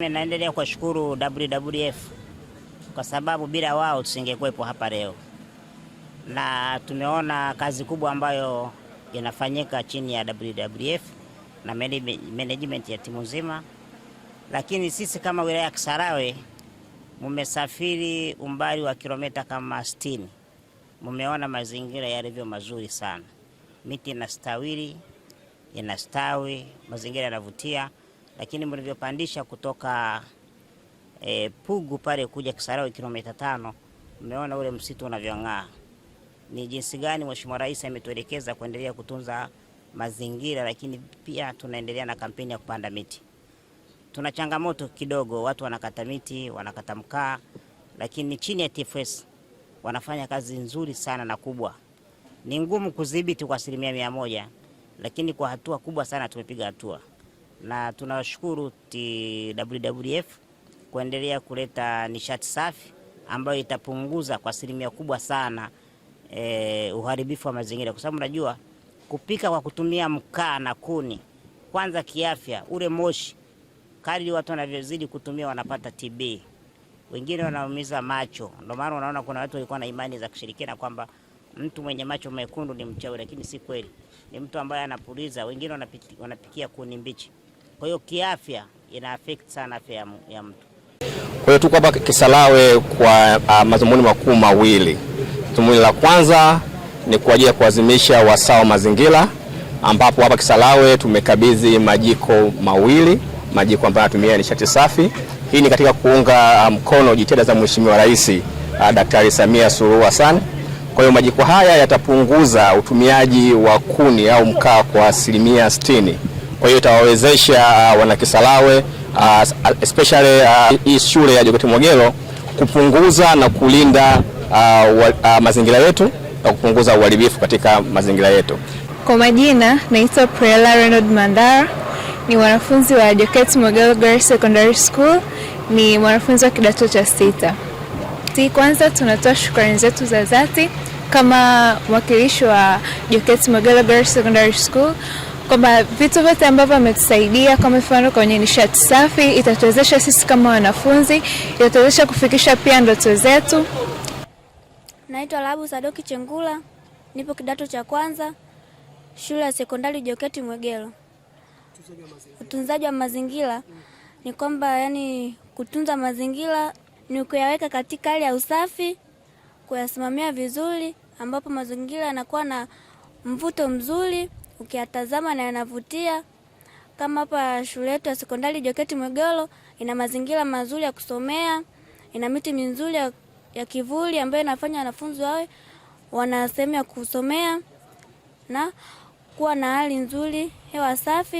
Naendelea kuwashukuru WWF kwa sababu bila wao tusingekuwepo hapa leo, na tumeona kazi kubwa ambayo inafanyika chini ya WWF na management ya timu nzima. Lakini sisi kama wilaya ya Kisarawe, mmesafiri umbali wa kilomita kama 60, mmeona mazingira yalivyo mazuri sana, miti inastawili, inastawi, mazingira yanavutia lakini mlivyopandisha kutoka e, Pugu pale kuja Kisarawe kilomita tano, mmeona ule msitu unavyong'aa. Ni jinsi gani Mheshimiwa Rais ametuelekeza kuendelea kutunza mazingira, lakini pia tunaendelea na kampeni ya kupanda miti. Tuna changamoto kidogo, watu wanakata miti, wanakata mkaa, lakini chini ya TFS wanafanya kazi nzuri sana na kubwa. Ni ngumu kudhibiti kwa asilimia mia moja, lakini kwa hatua kubwa sana tumepiga hatua na tunawashukuru TWWF kuendelea kuleta nishati safi ambayo itapunguza kwa asilimia kubwa sana e, uharibifu wa mazingira, kwa sababu unajua kupika kwa kutumia mkaa na kuni, kwanza kiafya, ule moshi kadri watu wanavyozidi kutumia wanapata TB, wengine wanaumiza macho. Ndio maana unaona kuna watu walikuwa na imani za kushirikina kwamba mtu mwenye macho mekundu ni mchawi, lakini si kweli, ni mtu ambaye anapuliza. Wengine wanapikia kuni mbichi. Kwa hiyo kiafya ina affect sana afya ya mtu. Kwa hiyo tu kwamba Kisarawe kwa uh, madhumuni makuu mawili. Dhumuni la kwanza ni kwa ajili ya kuadhimisha wasaa wa mazingira, ambapo hapa Kisarawe tumekabidhi majiko mawili, majiko ambayo yanatumia nishati safi. Hii ni katika kuunga ah, mkono jitihada za Mheshimiwa Rais uh, Daktari Samia Suluhu Hassan. Kwa hiyo majiko haya yatapunguza utumiaji wa kuni au mkaa kwa asilimia sitini. Kwa hiyo itawawezesha uh, wanakisalawe uh, especially uh, hii shule ya Jokate Mwegelo kupunguza na kulinda uh, wa, uh, mazingira yetu na kupunguza uharibifu katika mazingira yetu. Kwa majina naitwa Prela Renold Mandara, ni mwanafunzi wa Jokate Mwegelo Girls Secondary School, ni mwanafunzi wa kidato cha sita. si Kwanza tunatoa shukrani zetu za dhati kama mwakilishi wa Jokate Mwegelo Girls Secondary School kwamba vitu vyote ambavyo ametusaidia kwa mfano kwenye nishati safi itatuwezesha sisi kama wanafunzi, itatuwezesha kufikisha pia ndoto zetu. Naitwa Labu Sadoki Chengula, nipo kidato cha kwanza, shule ya sekondari Joketi Mwegelo. Utunzaji wa mazingira ni kwamba yani, kutunza mazingira ni kuyaweka katika hali ya usafi, kuyasimamia vizuri, ambapo mazingira yanakuwa na mvuto mzuri ukiyatazama na yanavutia. Kama hapa shule yetu ya sekondari Joketi Mwegelo ina mazingira mazuri ya kusomea, ina miti mizuri ya, ya kivuli ambayo inafanya wanafunzi wawe wana sehemu ya kusomea na kuwa na hali nzuri, hewa safi.